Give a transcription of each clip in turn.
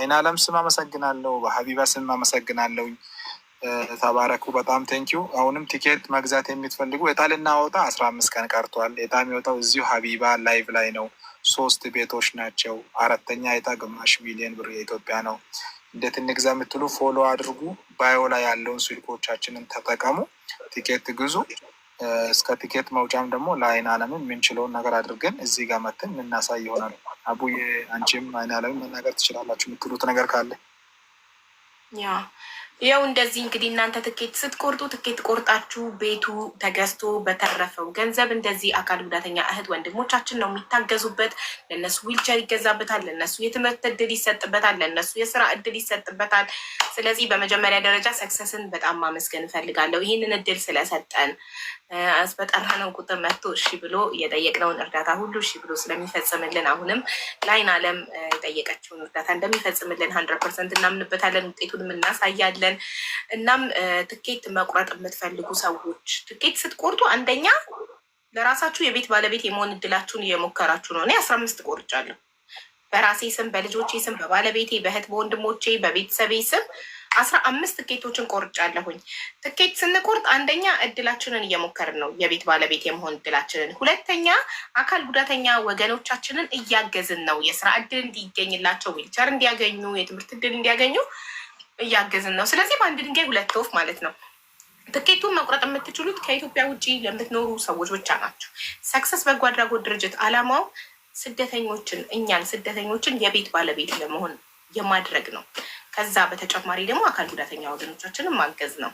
አይን አለም ስም አመሰግናለሁ። በሀቢባ ስም አመሰግናለሁ። ተባረኩ። በጣም ቴንኪዩ። አሁንም ቲኬት መግዛት የምትፈልጉ ዕጣ ልናወጣ አስራ አምስት ቀን ቀርቷል። ዕጣ የሚወጣው እዚሁ ሀቢባ ላይቭ ላይ ነው። ሶስት ቤቶች ናቸው። አራተኛ የጣ ግማሽ ሚሊዮን ብር የኢትዮጵያ ነው። እንዴት እንግዛ የምትሉ ፎሎ አድርጉ። ባዮ ላይ ያለውን ስልኮቻችንን ተጠቀሙ። ቲኬት ግዙ። እስከ ቲኬት መውጫም ደግሞ ለአይን አለምን የምንችለውን ነገር አድርገን እዚህ ጋር መትን የምናሳይ ይሆናል። አቡዬ አንቺም አይን አለምን መናገር ትችላላችሁ የምትሉት ነገር ካለ ያው እንደዚህ እንግዲህ እናንተ ትኬት ስትቆርጡ ትኬት ቆርጣችሁ ቤቱ ተገዝቶ በተረፈው ገንዘብ እንደዚህ አካል ጉዳተኛ እህት ወንድሞቻችን ነው የሚታገዙበት። ለእነሱ ዊልቸር ይገዛበታል፣ ለእነሱ የትምህርት እድል ይሰጥበታል፣ ለእነሱ የስራ እድል ይሰጥበታል። ስለዚህ በመጀመሪያ ደረጃ ሰክሰስን በጣም ማመስገን እፈልጋለሁ። ይህንን እድል ስለሰጠን በጠራነው ቁጥር መጥቶ እሺ ብሎ የጠየቅነውን እርዳታ ሁሉ እሺ ብሎ ስለሚፈጽምልን አሁንም ላይን አለም የጠየቀችውን እርዳታ እንደሚፈጽምልን ሀንድረድ ፐርሰንት እናምንበታለን። ውጤቱንም እናሳያለን። እናም ትኬት መቁረጥ የምትፈልጉ ሰዎች ትኬት ስትቆርጡ አንደኛ ለራሳችሁ የቤት ባለቤት የመሆን እድላችሁን እየሞከራችሁ ነው። እኔ አስራ አምስት ቆርጫለሁ በራሴ ስም፣ በልጆቼ ስም፣ በባለቤቴ፣ በእህት በወንድሞቼ፣ በቤተሰቤ ስም አስራ አምስት ትኬቶችን ቆርጫለሁኝ። ትኬት ስንቆርጥ አንደኛ እድላችንን እየሞከርን ነው፣ የቤት ባለቤት የመሆን እድላችንን። ሁለተኛ አካል ጉዳተኛ ወገኖቻችንን እያገዝን ነው፣ የስራ እድል እንዲገኝላቸው፣ ዊልቸር እንዲያገኙ፣ የትምህርት እድል እንዲያገኙ እያገዝን ነው። ስለዚህ በአንድ ድንጋይ ሁለት ወፍ ማለት ነው። ትኬቱን መቁረጥ የምትችሉት ከኢትዮጵያ ውጭ ለምትኖሩ ሰዎች ብቻ ናቸው። ሰክሰስ በጎ አድራጎት ድርጅት አላማው ስደተኞችን እኛን ስደተኞችን የቤት ባለቤት ለመሆን የማድረግ ነው። ከዛ በተጨማሪ ደግሞ አካል ጉዳተኛ ወገኖቻችንን ማገዝ ነው።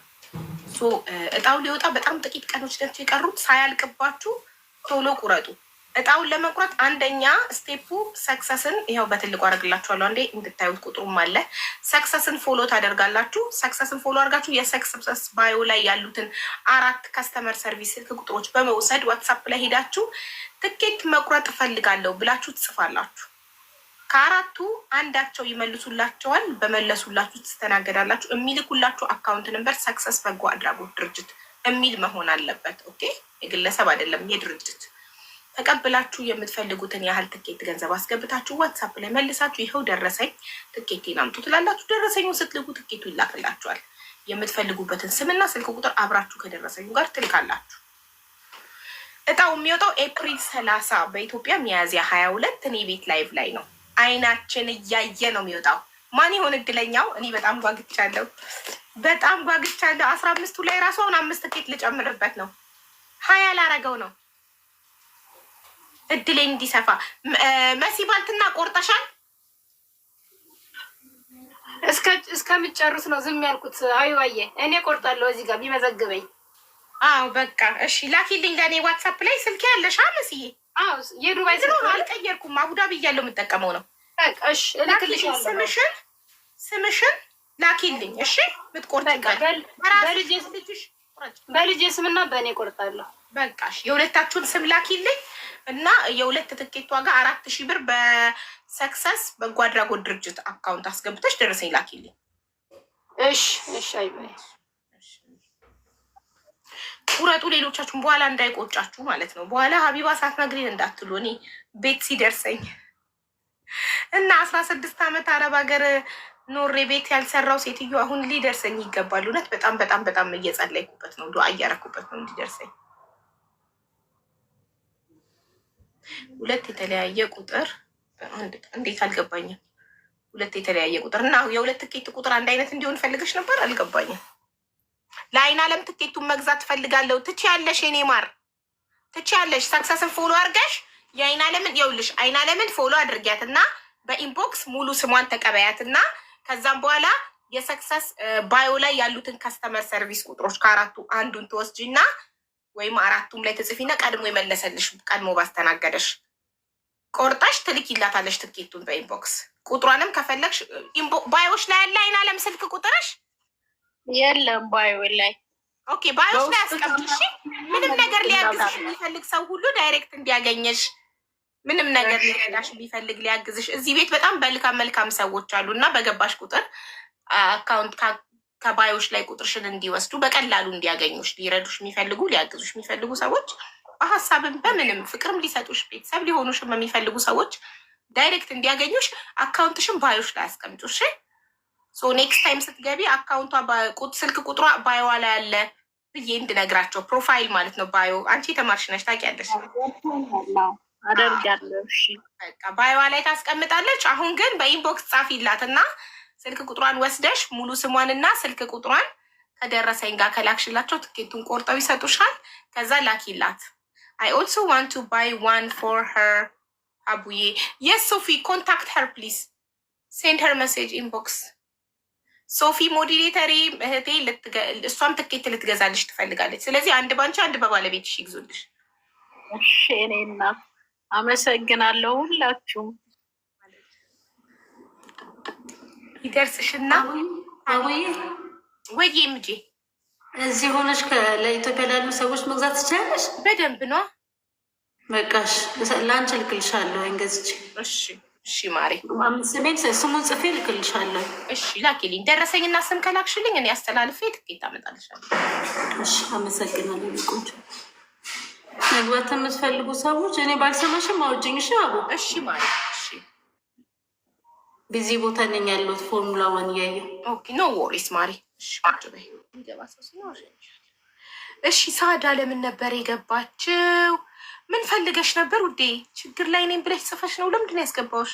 እጣው ሊወጣ በጣም ጥቂት ቀኖች ናቸው የቀሩት። ሳያልቅባችሁ ቶሎ ቁረጡ። እጣውን ለመቁረጥ አንደኛ ስቴፑ ሰክሰስን፣ ይኸው በትልቁ አደርግላችኋለሁ አንዴ እንድታዩት ቁጥሩም አለ። ሰክሰስን ፎሎ ታደርጋላችሁ። ሰክሰስን ፎሎ አድርጋችሁ የሰክሰስ ባዮ ላይ ያሉትን አራት ከስተመር ሰርቪስ ስልክ ቁጥሮች በመውሰድ ዋትሳፕ ላይ ሄዳችሁ ትኬት መቁረጥ እፈልጋለሁ ብላችሁ ትጽፋላችሁ። ከአራቱ አንዳቸው ይመልሱላቸዋል። በመለሱላችሁ ትስተናገዳላችሁ። የሚልኩላችሁ አካውንት ነበር ሰክሰስ በጎ አድራጎት ድርጅት የሚል መሆን አለበት። ኦኬ፣ የግለሰብ አይደለም የድርጅት። ተቀብላችሁ የምትፈልጉትን ያህል ትኬት ገንዘብ አስገብታችሁ ዋትሳፕ ላይ መልሳችሁ ይኸው ደረሰኝ ትኬቴን አምጡ ትላላችሁ። ደረሰኙን ስትልኩ ትኬቱ ይላክላችኋል። የምትፈልጉበትን ስምና ስልክ ቁጥር አብራችሁ ከደረሰኙ ጋር ትልካላችሁ። እጣው የሚወጣው ኤፕሪል ሰላሳ በኢትዮጵያ ሚያዝያ ሀያ ሁለት እኔ ቤት ላይቭ ላይ ነው። አይናችን እያየ ነው የሚወጣው። ማን ይሆን እድለኛው? እኔ በጣም ጓግቻለሁ፣ በጣም ጓግቻለሁ። አስራ አምስቱ ላይ ራሱ አሁን አምስት ኬት ልጨምርበት ነው፣ ሀያ ላረገው ነው። እድሌ እንዲሰፋ መሲ ባልትና ቆርጠሻል። እስከምጨርስ ነው ዝም ያልኩት። አይዋየ እኔ ቆርጣለሁ እዚህ ጋር ቢመዘግበኝ። አዎ በቃ እሺ፣ ላኪልኝ ለእኔ ዋትሳፕ ላይ ስልኬ ያለሻ መስዬ የዱባይ ስለሆነ አልቀየርኩም። አቡዳቢ እያለው የምጠቀመው ነው። ስምሽን ስምሽን ላኪልኝ እሺ። ምትቆርጥ በልጄ ስምና በእኔ ቆርጣለሁ። በቃ የሁለታችሁን ስም ላኪልኝ እና የሁለት ትኬት ዋጋ አራት ሺህ ብር በሰክሰስ በጎ አድራጎት ድርጅት አካውንት አስገብተሽ ደረሰኝ ላኪልኝ። እሺ እሺ። አይበይ ቁረጡ። ሌሎቻችሁን በኋላ እንዳይቆጫችሁ ማለት ነው። በኋላ ሀቢባ ሳትነግሪን እንዳትሉ። እኔ ቤት ሲደርሰኝ እና አስራ ስድስት ዓመት አረብ ሀገር ኖሬ ቤት ያልሰራው ሴትዮ አሁን ሊደርሰኝ ይገባል። እውነት በጣም በጣም በጣም እየጸለይኩበት ነው፣ ዱዓ እያረኩበት ነው እንዲደርሰኝ። ሁለት የተለያየ ቁጥር እንዴት አልገባኝም። ሁለት የተለያየ ቁጥር እና የሁለት ትኬት ቁጥር አንድ አይነት እንዲሆን ፈልገሽ ነበር? አልገባኝም። ለአይን አለም ትኬቱን መግዛት ትፈልጋለሁ። ትችያለሽ፣ የኔ ማር ትችያለሽ። ሰክሰስን ፎሎ አድርገሽ የአይን አለምን የውልሽ አይን አለምን ፎሎ አድርጊያት አድርጊያትና በኢንቦክስ ሙሉ ስሟን ተቀበያት ተቀበያትና ከዛም በኋላ የሰክሰስ ባዮ ላይ ያሉትን ከስተመር ሰርቪስ ቁጥሮች ከአራቱ አንዱን ትወስጂና ወይም አራቱም ላይ ትጽፊና ቀድሞ የመለሰልሽ ቀድሞ ባስተናገደሽ ቆርጠሽ ይላታለሽ ትኬቱን በኢንቦክስ ቁጥሯንም ከፈለግሽ ባዮች ላይ ያለ አይን አለም ስልክ ቁጥርሽ የለም ባዩ ላይ ኦኬ፣ ባዮች ላይ አስቀምጥሽ። ምንም ነገር ሊያግዝሽ የሚፈልግ ሰው ሁሉ ዳይሬክት እንዲያገኘሽ፣ ምንም ነገር ሊረዳሽ የሚፈልግ ሊያግዝሽ። እዚህ ቤት በጣም በልካም መልካም ሰዎች አሉ እና በገባሽ ቁጥር አካውንት ከባዮች ላይ ቁጥርሽን እንዲወስዱ በቀላሉ እንዲያገኙሽ ሊረዱሽ የሚፈልጉ ሊያግዙሽ የሚፈልጉ ሰዎች በሀሳብም በምንም ፍቅርም ሊሰጡሽ ቤተሰብ ሊሆኑሽም የሚፈልጉ ሰዎች ዳይሬክት እንዲያገኙሽ አካውንትሽን ባዮች ላይ አስቀምጡሽ። ሶ ኔክስት ታይም ስትገቢ አካውንቷ ስልክ ቁጥሯ ባዮዋ ላይ ያለ ብዬ እንድነግራቸው ፕሮፋይል ማለት ነው። ባዮ አንቺ የተማርሽ ነሽ ታውቂያለሽ። ባዮዋ ላይ ታስቀምጣለች። አሁን ግን በኢንቦክስ ጻፊላት እና ስልክ ቁጥሯን ወስደሽ ሙሉ ስሟን እና ስልክ ቁጥሯን ከደረሰኝ ጋር ከላክሽላቸው ትኬቱን ቆርጠው ይሰጡሻል። ከዛ ላኪላት። አይ ኦልሶ ዋን ቱ ባይ ዋን ፎር ሄር አቡዬ የስ ሶፊ ኮንታክት ሄር ፕሊዝ ሴንድ ሄር መሴጅ ኢንቦክስ ሶፊ ሞዲሬተሪ እህቴ እሷም ትኬት ልትገዛልሽ ትፈልጋለች። ስለዚህ አንድ ባንቺ አንድ በባለቤትሽ ይግዙልሽ። እሺ እኔ እናት አመሰግናለሁ። ሁላችሁም ይደርስሽና ወይ ምጂ እዚህ ሆነሽ ለኢትዮጵያ ላሉ ሰዎች መግዛት ትችላለሽ። በደንብ ነ በቃሽ ለአንቺ ልክልሻለሁ። ወይን እሺ እሺ ማሬ ስሜን ስሙን ጽፌ ልክልሻለሁ። እሺ ላኪልኝ። ደረሰኝና ስም ከላክሽልኝ እኔ አስተላልፌ ትኬት አመጣልሻለሁ። እሺ አመሰግናለሁ። ቆንጆ መግባት የምትፈልጉ ሰዎች እኔ ባልሰማሽም አውጪኝ። እሺ አቡ እሺ ማሬ እሺ። ቢዚ ቦታ ነኝ ያለሁት ፎርሙላ ዋን እያየ። ኦኬ ኖ ወሪስ ማሬ። እሺ ሰው ሲኖር እሺ። ሳዳ ለምን ነበር የገባችው? ምን ፈልገሽ ነበር ውዴ? ችግር ላይ እኔም ብለሽ ጽፈሽ ነው። ለምንድን ያስገባውሽ?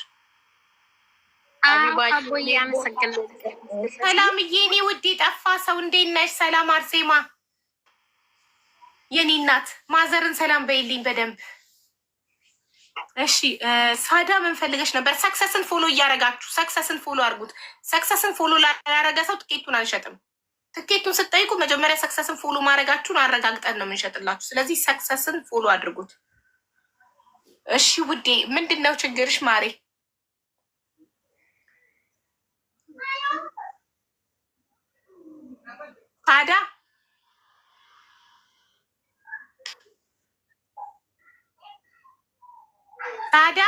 ሰላምዬ፣ እኔ ውዴ ጠፋ ሰው። እንዴት ነሽ? ሰላም አርሴማ፣ የኔ እናት ማዘርን ሰላም በይልኝ በደንብ። እሺ ሳዳ ምን ፈልገሽ ነበር? ሰክሰስን ፎሎ እያረጋችሁ ሰክሰስን ፎሎ አድርጉት። ሰክሰስን ፎሎ ላያረገ ሰው ጥቂቱን አንሸጥም። ትኬቱን ስጠይቁ መጀመሪያ ሰክሰስን ፎሎ ማድረጋችሁን አረጋግጠን ነው የምንሸጥላችሁ። ስለዚህ ሰክሰስን ፎሎ አድርጉት። እሺ ውዴ፣ ምንድን ነው ችግርሽ ማሬ? ታዲያ ታዲያ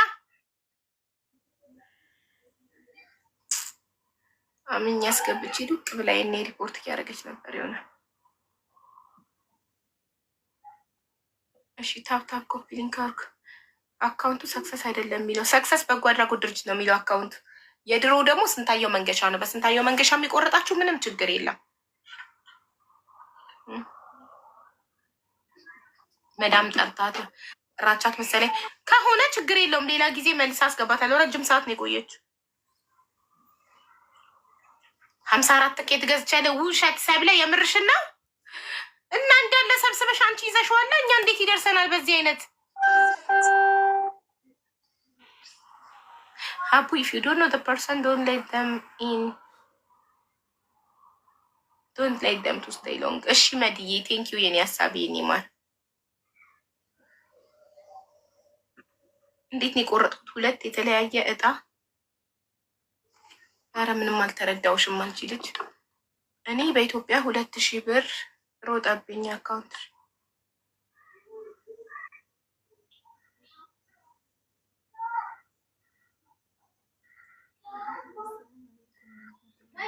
አምኜ አስገብቼ ዱቅ ብላ የኔ ሪፖርት እያደረገች ነበር። የሆነ እሺ፣ ታፕታፕ ኮፒ ሊንክ አርክ አካውንቱ ሰክሰስ አይደለም የሚለው ሰክሰስ በጎ አድራጎት ድርጅት ነው የሚለው አካውንቱ። የድሮ ደግሞ ስንታየው መንገሻ ነው። በስንታየው መንገሻ የሚቆረጣችሁ ምንም ችግር የለም። መዳም ጠርታት ራቻት መሰለኝ ከሆነ ችግር የለውም። ሌላ ጊዜ መልስ አስገባታለሁ። ረጅም ሰዓት ነው የቆየችው። ሀምሳ አራት ትኬት ገዝቻለሁ። ውሸት ሰብለ የምርሽና እና እንዳለ ሰብስበሽ አንቺ ይዘሽዋላ። እኛ እንዴት ይደርሰናል በዚህ አይነት አቡ ኢፍ ዩ ዶንት ኖ ዘ ፐርሰን ዶንት ሌት ደም ኢን ዶንት ሌት ደም ቱ ስቴይ ሎንግ። እሺ መድዬ ቴንክ ዩ የኔ ሀሳብ የኔ ማር እንዴት ነው የቆረጡት? ሁለት የተለያየ እጣ አረ ምንም አልተረዳውሽም አንቺ ልጅ። እኔ በኢትዮጵያ ሁለት ሺህ ብር ሮጠብኝ አካውንት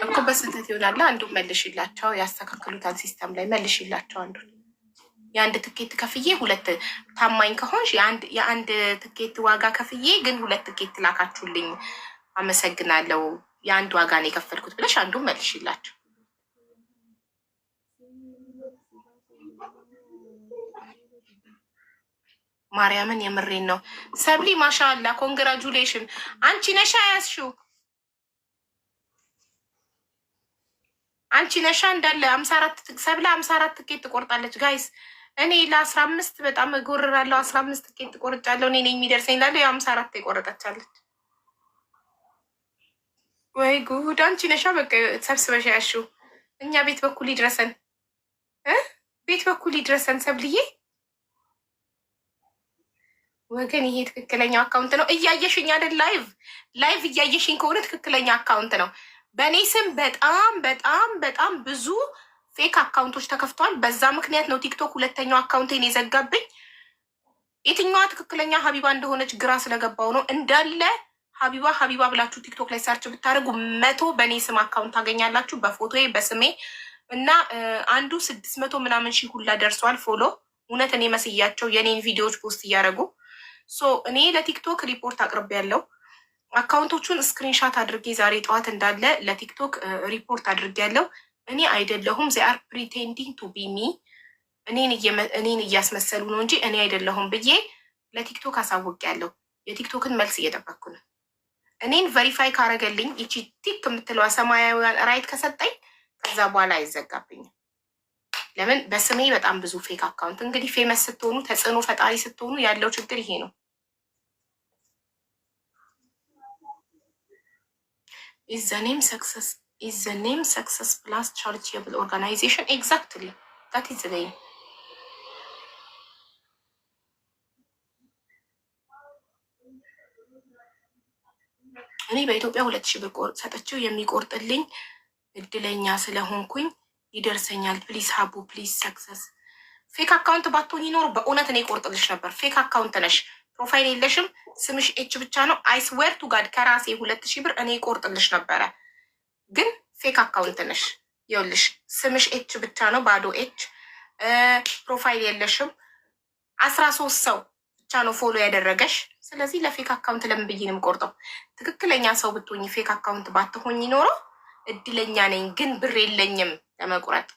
እኮ በስህተት ይሆናል። አንዱ መልሽላቸው፣ ያስተካክሉታል። ሲስተም ላይ መልሽላቸው አንዱ የአንድ ትኬት ከፍዬ ሁለት ታማኝ ከሆንሽ የአንድ ትኬት ዋጋ ከፍዬ ግን ሁለት ትኬት ላካችሁልኝ፣ አመሰግናለሁ የአንድ ዋጋ ነው የከፈልኩት ብለሽ አንዱን መልሽላቸው። ማርያምን የምሬን ነው። ሰብሊ ማሻላ ኮንግራጁሌሽን። አንቺ ነሻ ያዝሽው አንቺ ነሻ እንዳለ አምሳ አራት ሰብላ አምሳ አራት ትኬት ትቆርጣለች። ጋይስ እኔ ለአስራ አምስት በጣም እጎርራለሁ። አስራ አምስት ትኬት ትቆርጫለሁ እኔ የሚደርሰኝ ላለ የአምሳ አራት የቆረጠቻለች ወይ ጉድ! አንቺ ነሻ በቃ ሰብስበሽ ያልሺው። እኛ ቤት በኩል ይድረሰን፣ ቤት በኩል ይድረሰን። ሰብልዬ ወገን፣ ይሄ ትክክለኛው አካውንት ነው። እያየሽኝ አይደል? ላይቭ ላይቭ እያየሽኝ ከሆነ ትክክለኛ አካውንት ነው። በእኔ ስም በጣም በጣም በጣም ብዙ ፌክ አካውንቶች ተከፍተዋል። በዛ ምክንያት ነው ቲክቶክ ሁለተኛው አካውንቴን የዘጋብኝ። የትኛዋ ትክክለኛ ሀቢባ እንደሆነች ግራ ስለገባው ነው እንዳለ ሀቢባ ሀቢባ ብላችሁ ቲክቶክ ላይ ሰርች ብታደርጉ መቶ በእኔ ስም አካውንት ታገኛላችሁ። በፎቶዬ በስሜ እና አንዱ ስድስት መቶ ምናምን ሺህ ሁላ ደርሷል ፎሎ። እውነት እኔ መስያቸው የእኔን ቪዲዮዎች ፖስት እያደረጉ ሶ እኔ ለቲክቶክ ሪፖርት አቅርቤ ያለው አካውንቶቹን ስክሪንሻት አድርጌ ዛሬ ጠዋት እንዳለ ለቲክቶክ ሪፖርት አድርጌ ያለው እኔ አይደለሁም። ዚ አር ፕሪቴንዲንግ ቱ ቢ ሚ እኔን እያስመሰሉ ነው እንጂ እኔ አይደለሁም ብዬ ለቲክቶክ አሳውቅ ያለው የቲክቶክን መልስ እየጠበኩ ነው። እኔን ቨሪፋይ ካረገልኝ ይቺ ቲክ የምትለዋ ሰማያዊ ራይት ከሰጠኝ ከዛ በኋላ አይዘጋብኝም። ለምን በስሜ በጣም ብዙ ፌክ አካውንት እንግዲህ ፌመስ ስትሆኑ ተጽዕኖ ፈጣሪ ስትሆኑ ያለው ችግር ይሄ ነው። ኢዘኔም ሰክሰስ ኢዘኔም ሰክሰስ ፕላስ ቻሪቴብል ኦርጋናይዜሽን ኤግዛክትሊ ዳት ኢዝ እኔ በኢትዮጵያ ሁለት ሺህ ብር ሰጠችው የሚቆርጥልኝ እድለኛ ስለሆንኩኝ ይደርሰኛል። ፕሊስ ሀቡ ፕሊስ ሰክሰስ። ፌክ አካውንት ባትሆን ይኖር በእውነት እኔ ቆርጥልሽ ነበር። ፌክ አካውንት ነሽ፣ ፕሮፋይል የለሽም፣ ስምሽ ኤች ብቻ ነው። አይስዌር ቱ ጋድ ከራሴ ሁለት ሺህ ብር እኔ ቆርጥልሽ ነበረ፣ ግን ፌክ አካውንት ነሽ። ይኸውልሽ ስምሽ ኤች ብቻ ነው፣ ባዶ ኤች፣ ፕሮፋይል የለሽም። አስራ ሶስት ሰው ብቻ ነው ፎሎ ያደረገሽ። ስለዚህ ለፌክ አካውንት ለምን ብዬ ነው የምቆርጠው? ትክክለኛ ሰው ብትሆኝ ፌክ አካውንት ባትሆኝ ኖሮ እድለኛ ነኝ፣ ግን ብር የለኝም ለመቁረጥ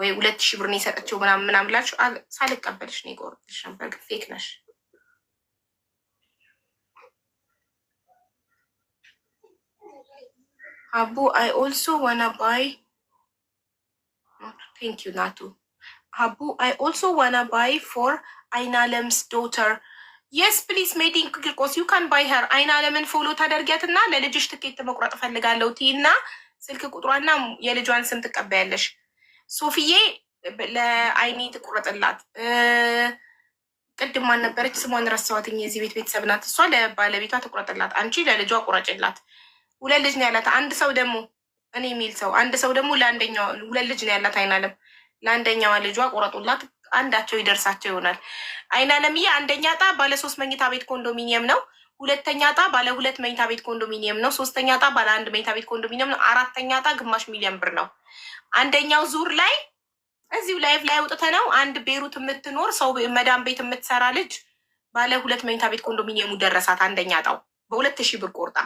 ወይ ሁለት ሺህ ብር ነው የሰጠችው ምናምን ምናምን ብላችሁ ሳልቀበልሽ ነው የቆረጥሽ ነበር፣ ግን ፌክ ነሽ። አቡ አይ ኦልሶ ዋና ባይ ቴንክ ዩ ናቱ አቡ አይ ኦልሶ ዋና ባይ ፎር አይና ለምስ ዶተር የስ ፕሊስ ሜዲንግ ግልቆስ ዩ ካን ባይ ሄር አይና ለምን ፎሎ ታደርጊያትና ለልጅሽ ትኬት መቁረጥ እፈልጋለሁ ቲና ስልክ ቁጥሯና የልጇን ስም ትቀበያለሽ። ሶፍዬ ለአይኒ ትቁረጥላት። ቅድም ነበረች ስሟን ረሳኋትኝ። የዚህ ቤት ቤተሰብ ናት እሷ። ለባለቤቷ ትቁረጥላት፣ አንቺ ለልጇ ቁረጭላት። ሁለት ልጅ ነው ያላት። አንድ ሰው ደግሞ እኔ የሚል ሰው አንድ ሰው ደግሞ ለአንደኛው ሁለት ልጅ ነው ያላት አይናለም ለአንደኛዋ ልጇ ቁረጡላት፣ አንዳቸው ይደርሳቸው ይሆናል። አይን አለምዬ አንደኛ ጣ ባለ ሶስት መኝታ ቤት ኮንዶሚኒየም ነው። ሁለተኛ ጣ ባለ ሁለት መኝታ ቤት ኮንዶሚኒየም ነው። ሶስተኛ ጣ ባለ አንድ መኝታ ቤት ኮንዶሚኒየም ነው። አራተኛ ጣ ግማሽ ሚሊዮን ብር ነው። አንደኛው ዙር ላይ እዚሁ ላይፍ ላይ አውጥተ ነው። አንድ ቤሩት የምትኖር ሰው መዳም ቤት የምትሰራ ልጅ ባለ ሁለት መኝታ ቤት ኮንዶሚኒየሙ ደረሳት። አንደኛ ጣው በሁለት ሺህ ብር ቆርጣ።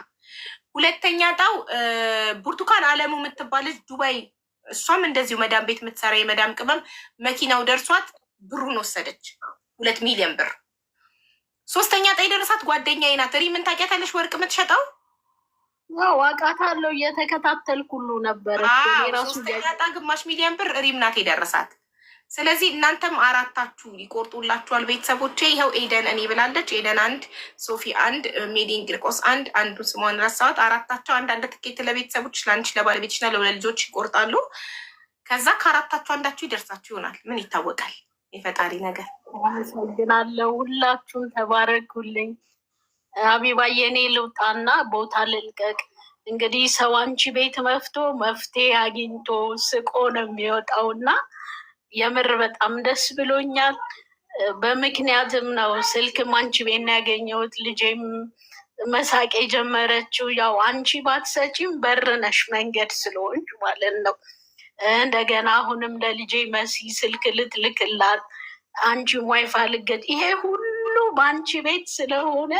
ሁለተኛ ጣው ብርቱካን አለሙ የምትባል ልጅ ዱባይ እሷም እንደዚሁ መዳም ቤት የምትሰራ የመዳም ቅመም መኪናው ደርሷት ብሩን ወሰደች፣ ሁለት ሚሊዮን ብር። ሶስተኛ ጣይ ደረሳት ጓደኛዬ ናት። ሪ ምን ታውቂያታለሽ? ወርቅ የምትሸጠው አውቃታለሁ፣ እየተከታተልኩ ሁሉ ነበረ። ሶስተኛ ጣ ግማሽ ሚሊዮን ብር ሪም ናት የደረሳት። ስለዚህ እናንተም አራታችሁ ይቆርጡላችኋል። ቤተሰቦቼ ይኸው ኤደን እኔ ብላለች። ኤደን አንድ፣ ሶፊ አንድ፣ ሜዲን ግርቆስ አንድ፣ አንዱ ስሟን ረሳሁት። አራታቸው አንዳንድ ትኬት ለቤተሰቦች ለአንቺ፣ ለባለቤትሽና ለሁለት ልጆች ይቆርጣሉ። ከዛ ከአራታችሁ አንዳችሁ ይደርሳችሁ ይሆናል። ምን ይታወቃል? የፈጣሪ ነገር። አመሰግናለሁ። ሁላችሁም ተባረኩልኝ። አቢባ የኔ ልውጣና ቦታ ልልቀቅ። እንግዲህ ሰው አንቺ ቤት መፍቶ መፍትሄ አግኝቶ ስቆ ነው የሚወጣውና የምር በጣም ደስ ብሎኛል። በምክንያትም ነው ስልክም አንቺ ቤት ነው ያገኘሁት። ልጄም መሳቅ የጀመረችው ያው አንቺ ባትሰጪም በር ነሽ መንገድ ስለሆንች ማለት ነው። እንደገና አሁንም ለልጄ መሲ ስልክ ልትልክላት አንቺ ዋይፋ ልገድ ይሄ ሁሉ በአንቺ ቤት ስለሆነ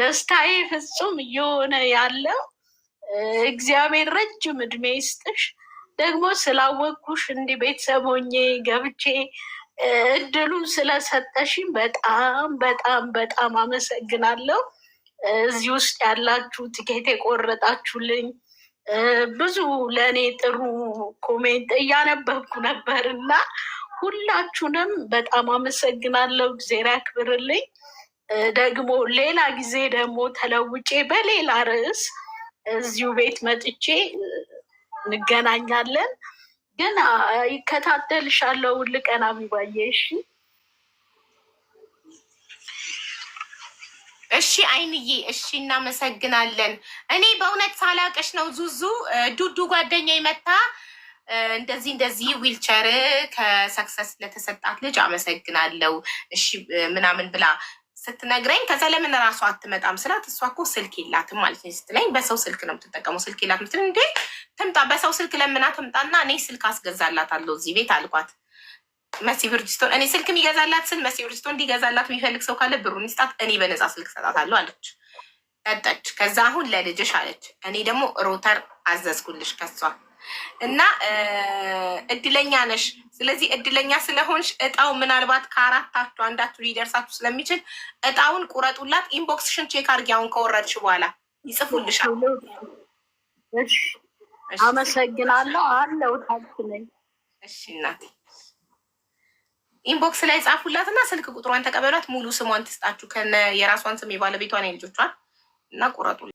ደስታዬ ፍጹም እየሆነ ያለው እግዚአብሔር ረጅም እድሜ ይስጥሽ። ደግሞ ስላወቅኩሽ እንዲህ ቤተሰብ ሆኜ ገብቼ እድሉን ስለሰጠሽኝ በጣም በጣም በጣም አመሰግናለሁ። እዚህ ውስጥ ያላችሁ ትኬት የቆረጣችሁልኝ ብዙ ለእኔ ጥሩ ኮሜንት እያነበብኩ ነበር እና ሁላችሁንም በጣም አመሰግናለሁ። እግዜር ያክብርልኝ። ደግሞ ሌላ ጊዜ ደግሞ ተለውጬ በሌላ ርዕስ እዚሁ ቤት መጥቼ እንገናኛለን። ግን ይከታተልሻለሁ። ልቀና ቢባዬ እሺ እሺ አይንዬ፣ እሺ እናመሰግናለን። እኔ በእውነት ሳላቀሽ ነው ዙዙ ዱዱ ጓደኛ መታ እንደዚህ እንደዚህ ዊልቸር ከሰክሰስ ለተሰጣት ልጅ አመሰግናለሁ እሺ ምናምን ብላ ስትነግረኝ ከዛ ለምን ራሱ አትመጣም ስላት እሷ እኮ ስልክ የላትም ማለት ነው ስትለኝ፣ በሰው ስልክ ነው የምትጠቀመው ስልክ የላትም ምትል እንዴ ትምጣ በሰው ስልክ ለምና ትምጣና እኔ ስልክ አስገዛላታለሁ እዚህ ቤት አልኳት። መሲ ብርጅስቶን እኔ ስልክ የሚገዛላት ስል መሲ ብርጅስቶን እንዲገዛላት የሚፈልግ ሰው ካለ ብሩን ይስጣት፣ እኔ በነፃ ስልክ ሰጣታለሁ አለች። ጠጠች። ከዛ አሁን ለልጅሽ አለች። እኔ ደግሞ ሮተር አዘዝኩልሽ ከሷ እና እድለኛ ነሽ። ስለዚህ እድለኛ ስለሆንሽ እጣው ምናልባት ከአራታችሁ አንዳችሁ ሊደርሳችሁ ስለሚችል እጣውን ቁረጡላት። ኢንቦክስሽን ቼክ አድርጊ። አሁን ከወረድሽ በኋላ ይጽፉልሻል። አመሰግናለሁ። አለው ታች ነኝ። እሺ እናቴ ኢንቦክስ ላይ ጻፉላት እና ስልክ ቁጥሯን ተቀበሏት። ሙሉ ስሟን ትስጣችሁ ከነ የራሷን ስም የባለቤቷን የልጆቿን እና ቁረጡ።